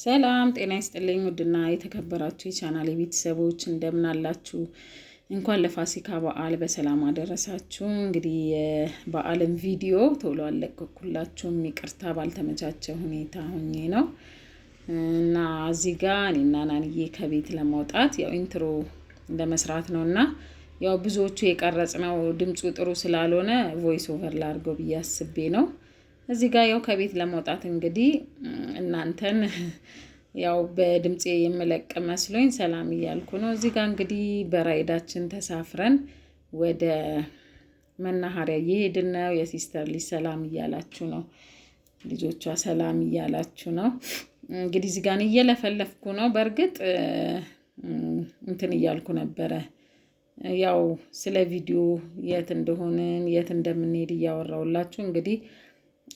ሰላም ጤና ይስጥልኝ። ውድና የተከበራችሁ የቻናል የቤተሰቦች እንደምን አላችሁ? እንኳን ለፋሲካ በዓል በሰላም አደረሳችሁ። እንግዲህ የበዓልን ቪዲዮ ቶሎ አልለቀኩላችሁም፣ ይቅርታ ባልተመቻቸ ሁኔታ ሆኜ ነው እና እዚህ ጋ እኔና ናንዬ ከቤት ለማውጣት ያው ኢንትሮ ለመስራት ነው እና ያው ብዙዎቹ የቀረጽ ነው ድምፁ ጥሩ ስላልሆነ ቮይስ ኦቨር ላድርገው ብዬ አስቤ ነው እዚህ ጋር ያው ከቤት ለመውጣት እንግዲህ እናንተን ያው በድምፄ የምለቅ መስሎኝ ሰላም እያልኩ ነው። እዚህ ጋር እንግዲህ በራይዳችን ተሳፍረን ወደ መናኸሪያ እየሄድን ነው። የሲስተር ልጅ ሰላም እያላችሁ ነው፣ ልጆቿ ሰላም እያላችሁ ነው። እንግዲህ እዚህ ጋር እየለፈለፍኩ ነው። በእርግጥ እንትን እያልኩ ነበረ ያው ስለ ቪዲዮ የት እንደሆንን የት እንደምንሄድ እያወራሁላችሁ እንግዲህ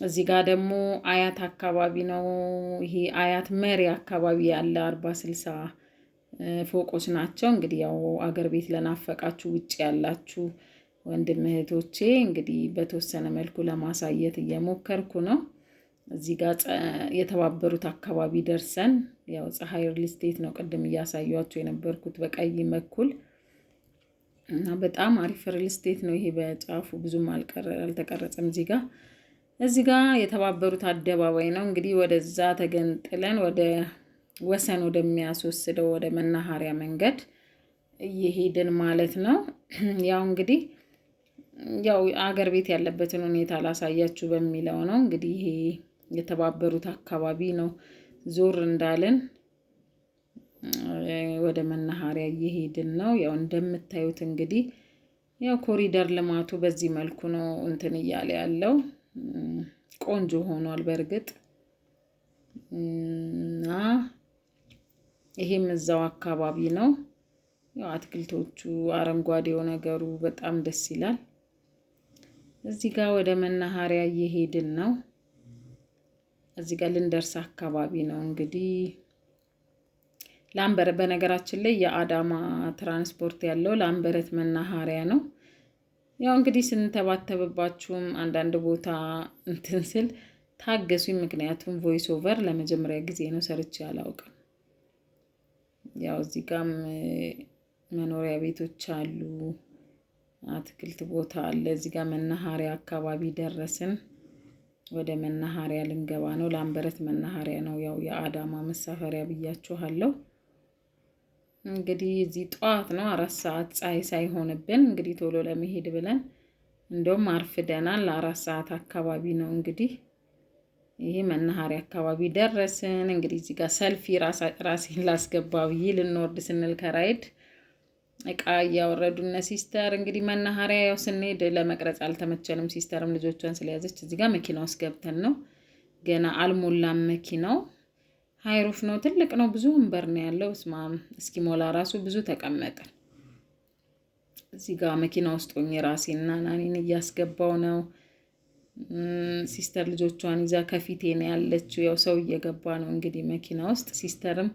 እዚህ ጋር ደግሞ አያት አካባቢ ነው። ይሄ አያት መሪ አካባቢ ያለ አርባ ስልሳ ፎቆች ናቸው። እንግዲህ ያው አገር ቤት ለናፈቃችሁ ውጭ ያላችሁ ወንድም እህቶቼ እንግዲህ በተወሰነ መልኩ ለማሳየት እየሞከርኩ ነው። እዚህ ጋር የተባበሩት አካባቢ ደርሰን ያው ፀሐይ ሪል ስቴት ነው ቅድም እያሳያችሁ የነበርኩት በቀይ በኩል እና በጣም አሪፍ ሪል ስቴት ነው ይሄ። በጫፉ ብዙም አልተቀረጸም እዚህ ጋር እዚህ ጋር የተባበሩት አደባባይ ነው እንግዲህ ወደዛ ተገንጥለን ወደ ወሰን ወደሚያስወስደው ወደ መናኸሪያ መንገድ እየሄድን ማለት ነው። ያው እንግዲህ ያው አገር ቤት ያለበትን ሁኔታ ላሳያችሁ በሚለው ነው እንግዲህ ይሄ የተባበሩት አካባቢ ነው። ዞር እንዳለን ወደ መናኸሪያ እየሄድን ነው። ያው እንደምታዩት እንግዲህ ያው ኮሪደር ልማቱ በዚህ መልኩ ነው እንትን እያለ ያለው ቆንጆ ሆኗል። በእርግጥ እና ይሄም እዛው አካባቢ ነው። ያው አትክልቶቹ አረንጓዴው ነገሩ በጣም ደስ ይላል። እዚህ ጋር ወደ መናኸሪያ እየሄድን ነው። እዚህ ጋር ልንደርስ አካባቢ ነው እንግዲህ ላምበረት። በነገራችን ላይ የአዳማ ትራንስፖርት ያለው ላምበረት መናኸሪያ ነው። ያው እንግዲህ ስንተባተብባችሁም አንዳንድ ቦታ እንትን ስል ታገሱኝ። ምክንያቱም ቮይስ ኦቨር ለመጀመሪያ ጊዜ ነው ሰርቼ አላውቅም። ያው እዚህ ጋም መኖሪያ ቤቶች አሉ፣ አትክልት ቦታ አለ። እዚህ ጋር መናኸሪያ አካባቢ ደረስን። ወደ መናኸሪያ ልንገባ ነው። ላምበረት መናኸሪያ ነው ያው የአዳማ መሳፈሪያ ብያችኋለሁ። እንግዲህ እዚህ ጠዋት ነው አራት ሰዓት ፀሐይ ሳይሆንብን እንግዲህ ቶሎ ለመሄድ ብለን እንደውም አርፍደናል። ለአራት ሰዓት አካባቢ ነው እንግዲህ ይህ መናኸሪያ አካባቢ ደረስን። እንግዲህ እዚህ ጋር ሰልፊ ራሴን ላስገባ ብዬ ልንወርድ ስንል ከራይድ እቃ እያወረዱ ሲስተር እንግዲህ መናኸሪያ ያው ስንሄድ ለመቅረጽ አልተመቸንም። ሲስተርም ልጆቿን ስለያዘች እዚህ ጋር መኪና ውስጥ ገብተን ነው ገና አልሞላም መኪናው ሀይሩፍ ነው፣ ትልቅ ነው፣ ብዙ ወንበር ነው ያለው። እስኪ እስኪሞላ ራሱ ብዙ ተቀመጠ። እዚህ ጋር መኪና ውስጥ ሆኜ ራሴና ናኔን እያስገባው ነው። ሲስተር ልጆቿን ይዛ ከፊቴ ነው ያለችው። ያው ሰው እየገባ ነው እንግዲህ መኪና ውስጥ ሲስተርም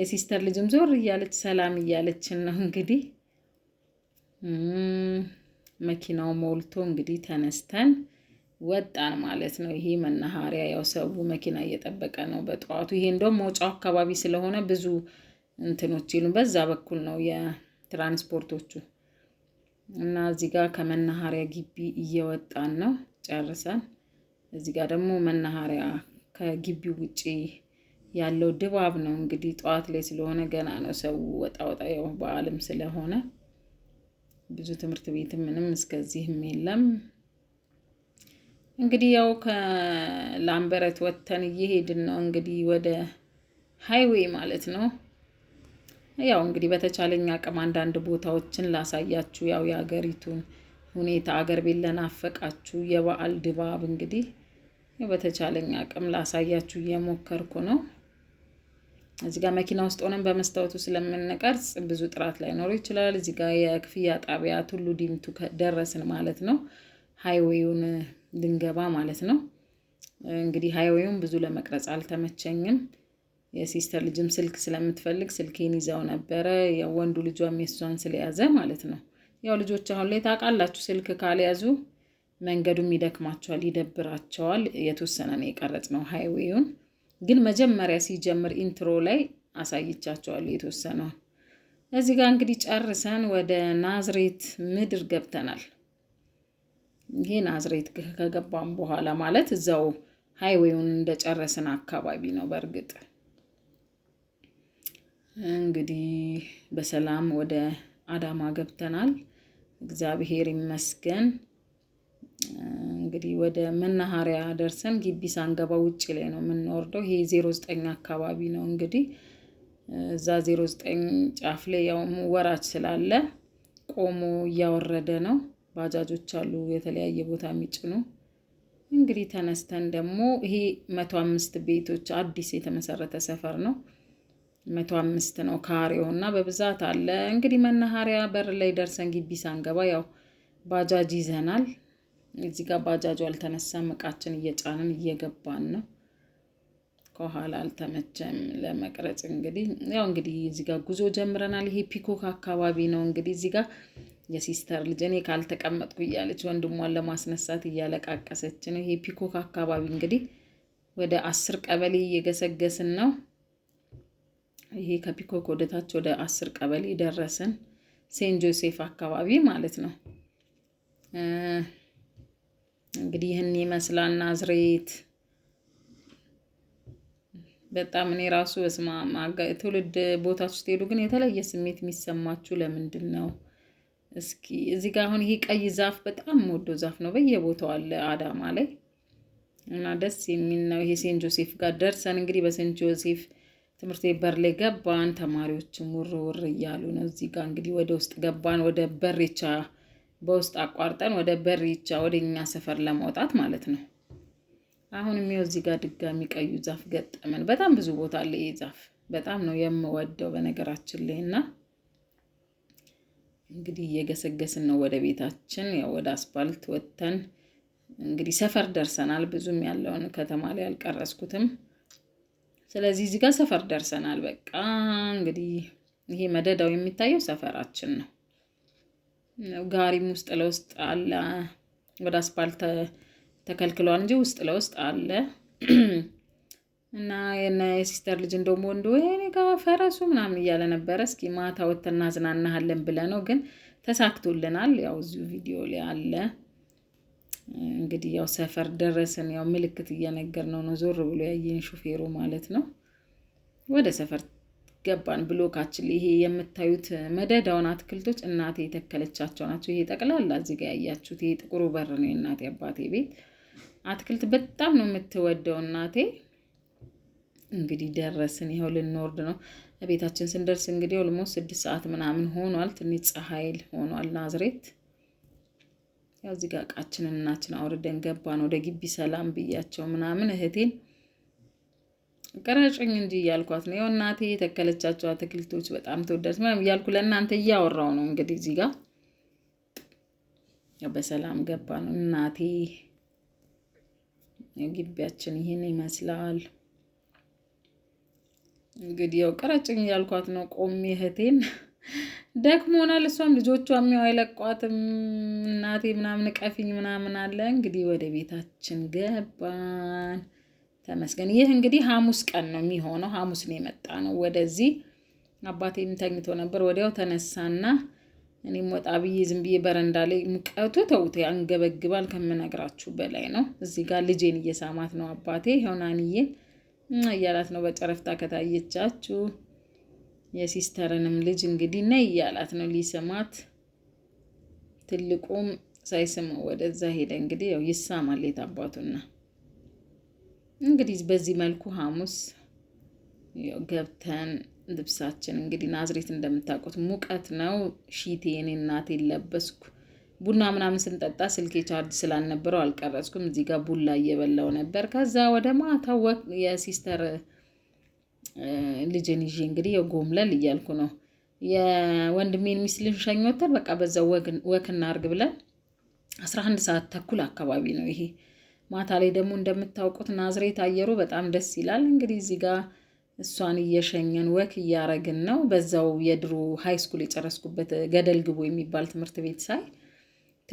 የሲስተር ልጅም ዞር እያለች ሰላም እያለችን ነው እንግዲህ መኪናው ሞልቶ እንግዲህ ተነስተን ወጣን ማለት ነው። ይሄ መናኸሪያ ያው ሰው መኪና እየጠበቀ ነው በጠዋቱ። ይሄ እንደውም መውጫው አካባቢ ስለሆነ ብዙ እንትኖች ይሉ በዛ በኩል ነው የትራንስፖርቶቹ እና እዚህ ጋር ከመናኸሪያ ግቢ እየወጣን ነው ጨርሰን። እዚህ ጋር ደግሞ መናኸሪያ ከግቢው ውጪ ያለው ድባብ ነው እንግዲህ። ጠዋት ላይ ስለሆነ ገና ነው ሰው ወጣ ወጣ ያው በዓልም ስለሆነ ብዙ ትምህርት ቤት ምንም እስከዚህም የለም። እንግዲህ ያው ከላምበረት ወጥተን እየሄድን ነው እንግዲህ ወደ ሀይዌ ማለት ነው። ያው እንግዲህ በተቻለኝ አቅም አንዳንድ ቦታዎችን ላሳያችሁ። ያው የሀገሪቱን ሁኔታ አገር ቤት ለናፈቃችሁ የበዓል ድባብ እንግዲህ በተቻለኝ አቅም ላሳያችሁ እየሞከርኩ ነው። እዚህ ጋር መኪና ውስጥ ሆነን በመስታወቱ ስለምንቀርጽ ብዙ ጥራት ላይኖረው ይችላል። እዚህ ጋር የክፍያ ጣቢያ ቱሉ ዲምቱ ደረስን ማለት ነው ሃይዌዩን ልንገባ ማለት ነው። እንግዲህ ሀይዌውን ብዙ ለመቅረጽ አልተመቸኝም። የሲስተር ልጅም ስልክ ስለምትፈልግ ስልኬን ይዘው ነበረ። የወንዱ ልጇም የሷን ስለያዘ ማለት ነው። ያው ልጆች አሁን ላይ ታውቃላችሁ፣ ስልክ ካልያዙ መንገዱም ይደክማቸዋል፣ ይደብራቸዋል። የተወሰነ ነው የቀረጽ ነው ሀይዌውን ግን መጀመሪያ ሲጀምር ኢንትሮ ላይ አሳይቻቸዋል የተወሰነውን። እዚህ ጋር እንግዲህ ጨርሰን ወደ ናዝሬት ምድር ገብተናል። ይሄ ናዝሬት ከገባም በኋላ ማለት እዛው ሃይዌውን እንደጨረስን አካባቢ ነው። በእርግጥ እንግዲህ በሰላም ወደ አዳማ ገብተናል። እግዚአብሔር ይመስገን። እንግዲህ ወደ መናኸሪያ ደርሰን ግቢ ሳንገባ ውጭ ላይ ነው የምንወርደው። ይሄ ዜሮ ዘጠኝ አካባቢ ነው እንግዲህ እዛ ዜሮ ዘጠኝ ጫፍ ላይ ያው ወራች ስላለ ቆሞ እያወረደ ነው። ባጃጆች አሉ የተለያየ ቦታ የሚጭኑ እንግዲህ ተነስተን ደግሞ ይሄ መቶ አምስት ቤቶች አዲስ የተመሰረተ ሰፈር ነው። መቶ አምስት ነው ካሬው እና በብዛት አለ። እንግዲህ መናኸሪያ በር ላይ ደርሰን ግቢ ሳንገባ ያው ባጃጅ ይዘናል። እዚህ ጋር ባጃጁ አልተነሳም። እቃችን እየጫንን እየገባን ነው። ከኋላ አልተመቸም ለመቅረጽ። እንግዲህ ያው እንግዲህ እዚህ ጋር ጉዞ ጀምረናል። ይሄ ፒኮክ አካባቢ ነው እንግዲህ እዚህ ጋር የሲስተር ልጅ እኔ ካልተቀመጥኩ እያለች ወንድሟን ለማስነሳት እያለቃቀሰች ነው። ይሄ ፒኮክ አካባቢ እንግዲህ ወደ አስር ቀበሌ እየገሰገስን ነው። ይሄ ከፒኮክ ወደታች ወደ አስር ቀበሌ ደረስን። ሴንት ጆሴፍ አካባቢ ማለት ነው። እንግዲህ ይህን ይመስላል ናዝሬት። በጣም እኔ ራሱ በስማ ትውልድ ቦታችሁ ስትሄዱ ግን የተለየ ስሜት የሚሰማችሁ ለምንድን ነው? እስኪ እዚህ ጋር አሁን ይሄ ቀይ ዛፍ በጣም ወዶ ዛፍ ነው። በየቦታው አለ አዳማ ላይ እና ደስ የሚል ነው። ይሄ ሴንት ጆሴፍ ጋር ደርሰን እንግዲህ በሴንት ጆሴፍ ትምህርት ቤት በር ላይ ገባን። ተማሪዎችም ውር ውር እያሉ ነው። እዚህ ጋር እንግዲህ ወደ ውስጥ ገባን፣ ወደ በሬቻ በውስጥ አቋርጠን ወደ በሬቻ ወደ እኛ ሰፈር ለማውጣት ማለት ነው። አሁን ይኸው እዚህ ጋር ድጋሚ ቀዩ ዛፍ ገጠመን። በጣም ብዙ ቦታ አለ ይሄ ዛፍ በጣም ነው የምወደው በነገራችን ላይ እና እንግዲህ እየገሰገስን ነው ወደ ቤታችን፣ ያው ወደ አስፓልት ወጥተን እንግዲህ ሰፈር ደርሰናል። ብዙም ያለውን ከተማ ላይ አልቀረስኩትም። ስለዚህ እዚህ ጋር ሰፈር ደርሰናል። በቃ እንግዲህ ይሄ መደዳው የሚታየው ሰፈራችን ነው። ጋሪም ውስጥ ለውስጥ አለ። ወደ አስፓልት ተከልክሏል እንጂ ውስጥ ለውስጥ አለ። እና የሲስተር ልጅ እንደውም ወንዶ እኔ ጋር ፈረሱ ምናምን እያለ ነበረ። እስኪ ማታ ወተን እናዝናናሃለን ብለ ነው ግን ተሳክቶልናል። ያው እዚሁ ቪዲዮ ላይ አለ እንግዲህ ያው ሰፈር ደረስን። ያው ምልክት እየነገር ነው ነው ዞር ብሎ ያየን ሹፌሩ ማለት ነው። ወደ ሰፈር ገባን። ብሎካችን ይሄ የምታዩት መደዳውን አትክልቶች እናቴ የተከለቻቸው ናቸው። ይሄ ጠቅላላ እዚህ ጋ ያያችሁት ይሄ ጥቁሩ በር ነው የእናቴ አባቴ ቤት። አትክልት በጣም ነው የምትወደው እናቴ እንግዲህ ደረስን። ይኸው ልንወርድ ነው። ቤታችን ስንደርስ እንግዲህ ኦልሞስት ስድስት ሰዓት ምናምን ሆኗል። ትንሽ ፀሐይል ሆኗል ናዝሬት። ያው እዚህ ጋር እቃችንን እናችን አውርደን ገባን ወደ ግቢ። ሰላም ብያቸው ምናምን እህቴን ቀረጭኝ እንጂ እያልኳት ነው። ያው እናቴ የተከለቻቸው አትክልቶች በጣም ተወዳጅ ምናምን እያልኩ ለእናንተ እያወራው ነው። እንግዲህ እዚህ ጋር በሰላም ገባ ነው እናቴ። ግቢያችን ይህን ይመስላል። እንግዲህ ያው ቅረጭኝ እያልኳት ነው ቆሜ እህቴን ደክሞናል። እሷም ልጆቿ የሚያው አይለቋትም። እናቴ ምናምን ቀፊኝ ምናምን አለ። እንግዲህ ወደ ቤታችን ገባን። ተመስገን። ይህ እንግዲህ ሐሙስ ቀን ነው የሚሆነው። ሐሙስ ነው የመጣ ነው ወደዚህ። አባቴም ተኝቶ ነበር። ወዲያው ተነሳና እኔም ወጣ ብዬ ዝም ብዬ በረንዳ ላይ ሙቀቱ ተውት ያንገበግባል ከምነግራችሁ በላይ ነው። እዚህ ጋር ልጄን እየሳማት ነው አባቴ ሆናንዬን እያላት ነው። በጨረፍታ ከታየቻችሁ የሲስተርንም ልጅ እንግዲህ ነይ እያላት ነው ሊስማት። ትልቁም ሳይስመው ወደዛ ሄደ። እንግዲህ ያው ይሳማል አባቱና እንግዲህ በዚህ መልኩ ሐሙስ ገብተን ልብሳችን እንግዲህ ናዝሬት እንደምታውቁት ሙቀት ነው። ሺቴን እናቴ ለበስኩ። ቡና ምናምን ስንጠጣ ስልኬ ቻርጅ ስላልነበረው አልቀረጽኩም። እዚህ ጋር ቡላ እየበላው ነበር። ከዛ ወደ ማታ የሲስተር ልጅን ይዤ እንግዲህ የጎምለል እያልኩ ነው የወንድሜን ሚስልን ልንሸኝ ወተር በቃ በዛ ወክ እናርግ ብለን አስራ አንድ ሰዓት ተኩል አካባቢ ነው ይሄ። ማታ ላይ ደግሞ እንደምታውቁት ናዝሬት አየሩ በጣም ደስ ይላል። እንግዲህ እዚህ ጋር እሷን እየሸኘን ወክ እያረግን ነው። በዛው የድሮ ሃይስኩል የጨረስኩበት ገደል ግቦ የሚባል ትምህርት ቤት ሳይ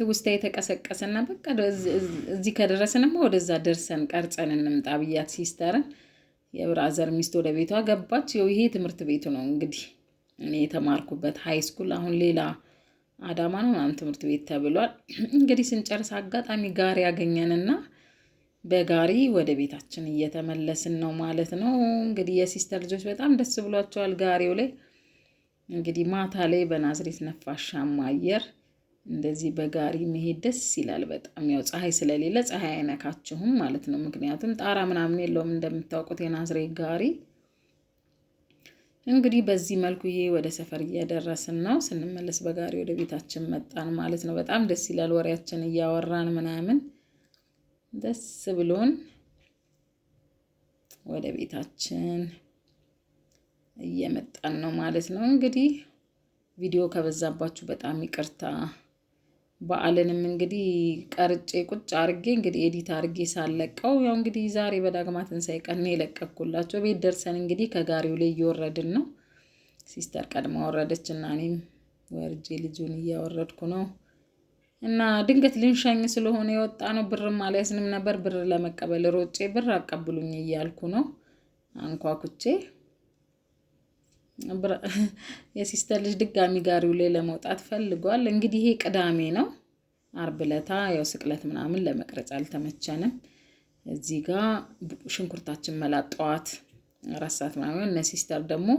ትውስታ የተቀሰቀሰና በቃ እዚህ ከደረስንማ ወደዛ ደርሰን ቀርጸን እንምጣ ብያት ሲስተርን የብራዘር ሚስት ወደ ቤቷ ገባች። ይኸው ይሄ ትምህርት ቤቱ ነው እንግዲህ እኔ የተማርኩበት ሀይ ስኩል፣ አሁን ሌላ አዳማ ነው ምናምን ትምህርት ቤት ተብሏል። እንግዲህ ስንጨርስ አጋጣሚ ጋሪ ያገኘንና በጋሪ ወደ ቤታችን እየተመለስን ነው ማለት ነው። እንግዲህ የሲስተር ልጆች በጣም ደስ ብሏቸዋል። ጋሪው ላይ እንግዲህ ማታ ላይ በናዝሬት ነፋሻማ አየር እንደዚህ በጋሪ መሄድ ደስ ይላል በጣም ያው ፀሐይ ስለሌለ ፀሐይ አይነካችሁም ማለት ነው። ምክንያቱም ጣራ ምናምን የለውም እንደምታውቁት የናዝሬት ጋሪ። እንግዲህ በዚህ መልኩ ይሄ ወደ ሰፈር እየደረስን ነው። ስንመለስ በጋሪ ወደ ቤታችን መጣን ማለት ነው። በጣም ደስ ይላል። ወሬያችን እያወራን ምናምን ደስ ብሎን ወደ ቤታችን እየመጣን ነው ማለት ነው። እንግዲህ ቪዲዮ ከበዛባችሁ በጣም ይቅርታ በዓልንም እንግዲህ ቀርጬ ቁጭ አርጌ እንግዲህ ኤዲት አርጌ ሳለቀው ያው እንግዲህ ዛሬ በዳግማ ትንሣኤ ቀን ነው የለቀኩላቸው። ቤት ደርሰን እንግዲህ ከጋሪው ላይ እየወረድን ነው። ሲስተር ቀድማ ወረደች እና እኔም ወርጄ ልጁን እያወረድኩ ነው እና ድንገት ልንሸኝ ስለሆነ የወጣ ነው። ብርም አልያዝንም ነበር። ብር ለመቀበል ሮጬ ብር አቀብሉኝ እያልኩ ነው አንኳኩቼ የሲስተር ልጅ ድጋሚ ጋሪው ላይ ለመውጣት ፈልጓል። እንግዲህ ይሄ ቅዳሜ ነው። አርብ ዕለታ ያው ስቅለት ምናምን ለመቅረጽ አልተመቸንም። እዚህ ጋ ሽንኩርታችን መላጥ ጠዋት አራት ምናምን እነ ሲስተር ደግሞ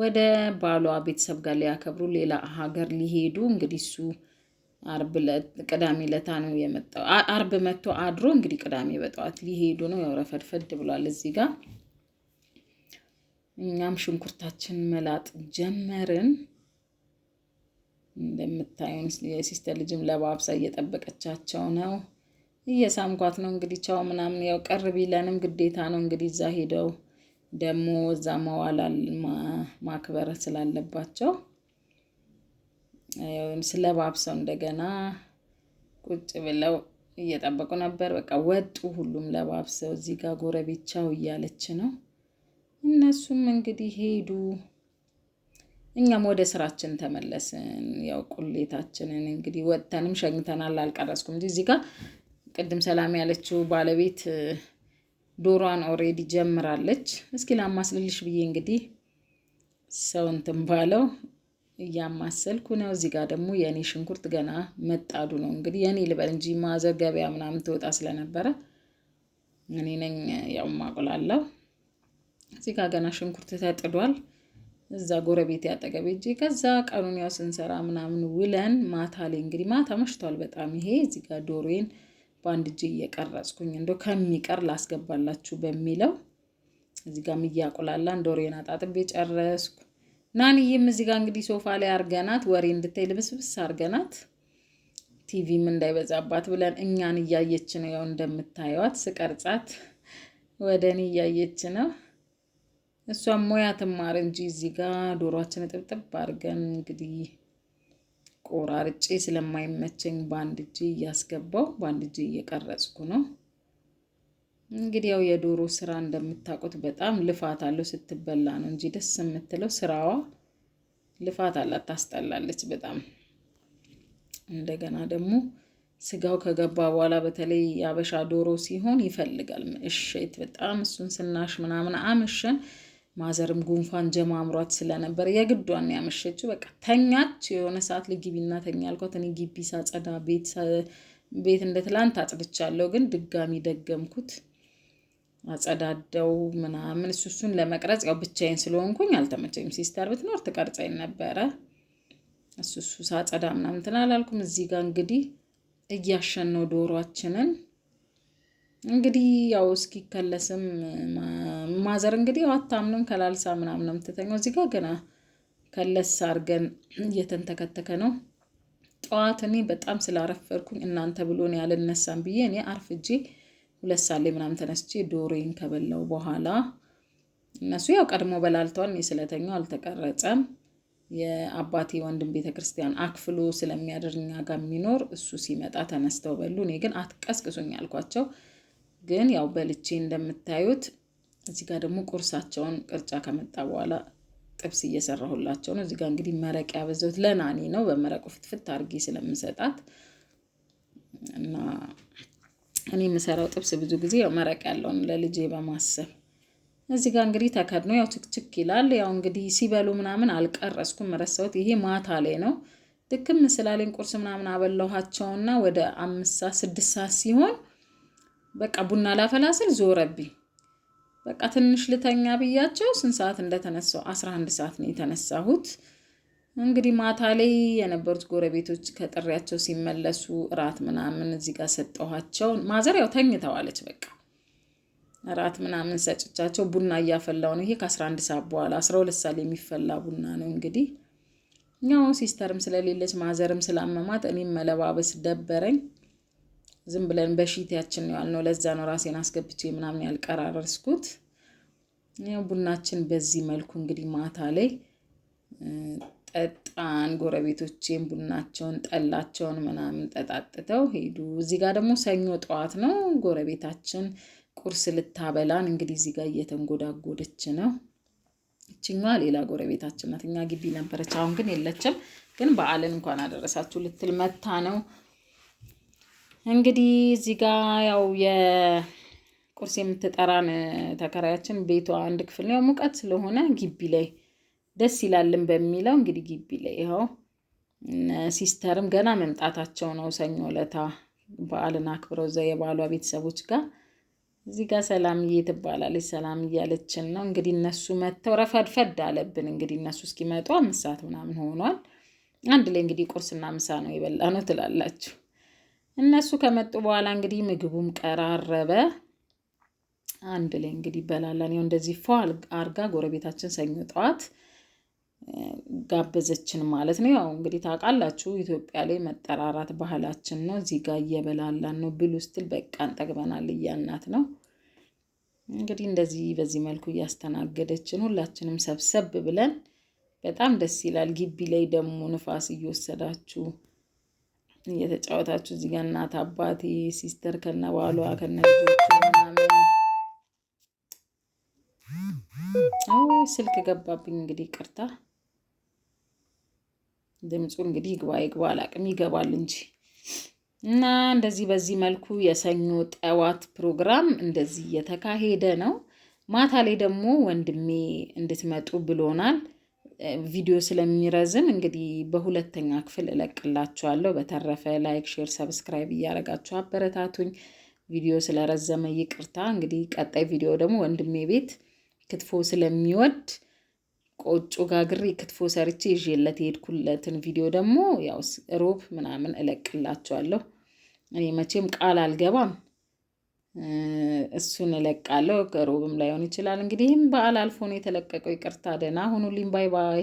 ወደ ባሏ ቤተሰብ ጋር ሊያከብሩ ሌላ ሀገር ሊሄዱ እንግዲህ እሱ አርብ ቅዳሜ ለታ ነው የመጣው። አርብ መጥቶ አድሮ እንግዲህ ቅዳሜ በጠዋት ሊሄዱ ነው። ያው ረፈድፈድ ብሏል እዚህ ጋር እኛም ሽንኩርታችን መላጥ ጀመርን። እንደምታዩን የሲስተር ልጅም ለባብሳ እየጠበቀቻቸው ነው። እየሳምኳት ነው እንግዲህ ቻው ምናምን ያው ቀር ቢለንም ግዴታ ነው እንግዲህ እዛ ሄደው ደግሞ እዛ መዋላል ማክበር ስላለባቸው ስለ ባብሰው እንደገና ቁጭ ብለው እየጠበቁ ነበር። በቃ ወጡ ሁሉም ለባብሰው። እዚህ ጋር ጎረቤት ቻው እያለች ነው። እነሱም እንግዲህ ሄዱ። እኛም ወደ ስራችን ተመለስን። ያው ቁሌታችንን እንግዲህ ወጥተንም ሸኝተናል። አልቀረስኩም እንጂ እዚህ ጋር ቅድም ሰላም ያለችው ባለቤት ዶሯን ኦሬዲ ጀምራለች። እስኪ ላማስልልሽ ብዬ እንግዲህ ሰው እንትን ባለው እያማሰልኩ ነው። እዚህ ጋር ደግሞ የእኔ ሽንኩርት ገና መጣዱ ነው። እንግዲህ የእኔ ልበል እንጂ ማዘር ገበያ ምናምን ትወጣ ስለነበረ እኔ ነኝ ያው ማቁላላው እዚህ ጋር ገና ሽንኩርት ተጥዷል። እዛ ጎረቤት ያጠገቤ እጅ ከዛ ቀኑን ያው ስንሰራ ምናምን ውለን ማታ ላይ እንግዲህ ማታ መሽቷል በጣም ይሄ እዚህ ጋር ዶሮዬን በአንድ እጅ እየቀረጽኩኝ እንደው ከሚቀር ላስገባላችሁ በሚለው እዚህ ጋር እያቁላላን ዶሮዬን አጣጥቤ ጨረስኩ። ናንዬም እዚህ ጋር እንግዲህ ሶፋ ላይ አርገናት ወሬ እንድታይ ልብስብስ አርገናት ቲቪም እንዳይበዛባት ብለን እኛን እያየች ነው። ያው እንደምታየዋት ስቀርጻት ወደ እኔ እያየች ነው። እሷም ሙያ ትማር እንጂ እዚህ ጋር ዶሯችን ጥብጥብ አድርገን እንግዲህ ቆራርጬ ስለማይመቸኝ በአንድ እጅ እያስገባው በአንድ እጅ እየቀረጽኩ ነው። እንግዲህ ያው የዶሮ ስራ እንደምታውቁት በጣም ልፋት አለው። ስትበላ ነው እንጂ ደስ የምትለው ስራዋ ልፋት አላት። ታስጠላለች በጣም። እንደገና ደግሞ ስጋው ከገባ በኋላ በተለይ የአበሻ ዶሮ ሲሆን ይፈልጋል እሸት በጣም እሱን ስናሽ ምናምን አምሸን ማዘርም ጉንፋን ጀማምሯት ስለነበር የግዷን ያመሸችው። በቃ ተኛች። የሆነ ሰዓት ልግቢና ተኛ አልኳት። እኔ ግቢ ሳጸዳ ቤት እንደ ትላንት አጽድቻለሁ፣ ግን ድጋሚ ደገምኩት። አጸዳደው ምናምን እሱ እሱን ለመቅረጽ ያው ብቻዬን ስለሆንኩኝ አልተመቸኝም። ሲስተር ብትኖር ትቀርጸኝ ነበረ። እሱ እሱ ሳጸዳ ምናምን ትላላልኩም። እዚህ ጋር እንግዲህ እያሸነው ዶሯችንን እንግዲህ ያው እስኪከለስም ማዘር እንግዲህ አታምንም ከላልሳ ምናምን ነው የምትተኛው። እዚህ ጋር ገና ከለስ አድርገን እየተንተከተከ ነው። ጠዋት እኔ በጣም ስላረፈርኩኝ እናንተ ብሎ ነው ያልነሳም ብዬ እኔ አርፍጄ ሁለት ሳሌ ምናምን ተነስቼ ዶሮዬን ከበላው በኋላ እነሱ ያው ቀድሞ በላልተዋል። እኔ ስለተኛው አልተቀረጸም። የአባቴ ወንድም ቤተ ክርስቲያን አክፍሎ ስለሚያደርኛ ጋር የሚኖር እሱ ሲመጣ ተነስተው በሉ። እኔ ግን አትቀስቅሱኝ አልኳቸው። ግን ያው በልቼ እንደምታዩት እዚህ ጋር ደግሞ ቁርሳቸውን ቅርጫ ከመጣ በኋላ ጥብስ እየሰራሁላቸው ነው። እዚህ ጋር እንግዲህ መረቅ ያበዛሁት ለናኒ ነው። በመረቁ ፍትፍት አድርጌ ስለምሰጣት እና እኔ የምሰራው ጥብስ ብዙ ጊዜ ያው መረቅ ያለውን ለልጄ በማሰብ እዚህ ጋር እንግዲህ ተከድኖ ያው ችክችክ ይላል። ያው እንግዲህ ሲበሉ ምናምን አልቀረስኩም ረሳሁት። ይሄ ማታ ላይ ነው። ድክም ስላለኝ ቁርስ ምናምን አበላኋቸውና ወደ አምስት ሰዓት ስድስት ሰዓት ሲሆን በቃ ቡና ላፈላ ስል ዞረብኝ። በቃ ትንሽ ልተኛ ብያቸው ስንት ሰዓት እንደተነሳው አስራ አንድ ሰዓት ነው የተነሳሁት። እንግዲህ ማታ ላይ የነበሩት ጎረቤቶች ከጥሪያቸው ሲመለሱ እራት ምናምን እዚህ ጋር ሰጠኋቸው። ማዘር ያው ተኝተዋለች። በቃ እራት ምናምን ሰጭቻቸው ቡና እያፈላው ነው። ይሄ ከ11 ሰዓት በኋላ 12 ሰዓት የሚፈላ ቡና ነው። እንግዲህ ያው ሲስተርም ስለሌለች ማዘርም ስላመማት እኔም መለባበስ ደበረኝ። ዝም ብለን በሺት ያችን ነው ለዛ ነው ራሴን አስገብቼ ምናምን ያልቀራረስኩት። ያው ቡናችን በዚህ መልኩ እንግዲህ ማታ ላይ ጠጣን። ጎረቤቶቼም ቡናቸውን ጠላቸውን ምናምን ጠጣጥተው ሄዱ። እዚህ ጋር ደግሞ ሰኞ ጠዋት ነው ጎረቤታችን ቁርስ ልታበላን እንግዲህ እዚህ ጋር እየተንጎዳጎደች ነው። እችኛ ሌላ ጎረቤታችን ናት። እኛ ግቢ ነበረች፣ አሁን ግን የለችም። ግን በዓልን እንኳን አደረሳችሁ ልትል መታ ነው። እንግዲህ እዚህ ጋር ያው የቁርስ የምትጠራን ተከራያችን ቤቷ አንድ ክፍል ነው። ሙቀት ስለሆነ ግቢ ላይ ደስ ይላልን በሚለው እንግዲህ ግቢ ላይ ይኸው ሲስተርም ገና መምጣታቸው ነው። ሰኞ ለታ በዓልን አክብረው እዛ የባሏ ቤተሰቦች ጋር እዚህ ጋር ሰላምዬ ትባላለች። ሰላም እያለችን ነው እንግዲህ እነሱ መጥተው ረፈድፈድ አለብን። እንግዲህ እነሱ እስኪመጡ አምስት ሰዓት ምናምን ሆኗል። አንድ ላይ እንግዲህ ቁርስና ምሳ ነው የበላ ነው ትላላችሁ እነሱ ከመጡ በኋላ እንግዲህ ምግቡም ቀራረበ። አንድ ላይ እንግዲህ ይበላለን። ይኸው እንደዚህ ፎ አርጋ ጎረቤታችን ሰኞ ጠዋት ጋበዘችን ማለት ነው። ያው እንግዲህ ታውቃላችሁ ኢትዮጵያ ላይ መጠራራት ባህላችን ነው። እዚህ ጋር እየበላላን ነው ብሉ ስትል በቃ እንጠግበናል እያልናት ነው እንግዲህ እንደዚህ በዚህ መልኩ እያስተናገደችን ሁላችንም ሰብሰብ ብለን በጣም ደስ ይላል። ግቢ ላይ ደግሞ ንፋስ እየወሰዳችሁ እየተጫወታችሁ እዚህ ጋር እናት አባቴ ሲስተር ከነ ባሏ ከነ ልጆቹ ምናምን ስልክ ገባብኝ። እንግዲህ ቅርታ ድምፁ እንግዲህ ይግባ ይግባ አላቅም ይገባል እንጂ እና እንደዚህ በዚህ መልኩ የሰኞ ጠዋት ፕሮግራም እንደዚህ እየተካሄደ ነው። ማታ ላይ ደግሞ ወንድሜ እንድትመጡ ብሎናል። ቪዲዮ ስለሚረዝም እንግዲህ በሁለተኛ ክፍል እለቅላችኋለሁ። በተረፈ ላይክ፣ ሼር፣ ሰብስክራይብ እያደረጋችሁ አበረታቱኝ። ቪዲዮ ስለረዘመ ይቅርታ። እንግዲህ ቀጣይ ቪዲዮ ደግሞ ወንድሜ ቤት ክትፎ ስለሚወድ ቆጮ ጋግሬ ክትፎ ሰርቼ ይዤለት የሄድኩለትን ቪዲዮ ደግሞ ያው ሮብ ምናምን እለቅላችኋለሁ። እኔ መቼም ቃል አልገባም። እሱን እለቃለሁ። ሮብም ላይሆን ይችላል እንግዲህ። ይህም በዓል አልፎ ነው የተለቀቀው። ይቅርታ፣ ደህና ሁኑልኝ። ባይ ባይ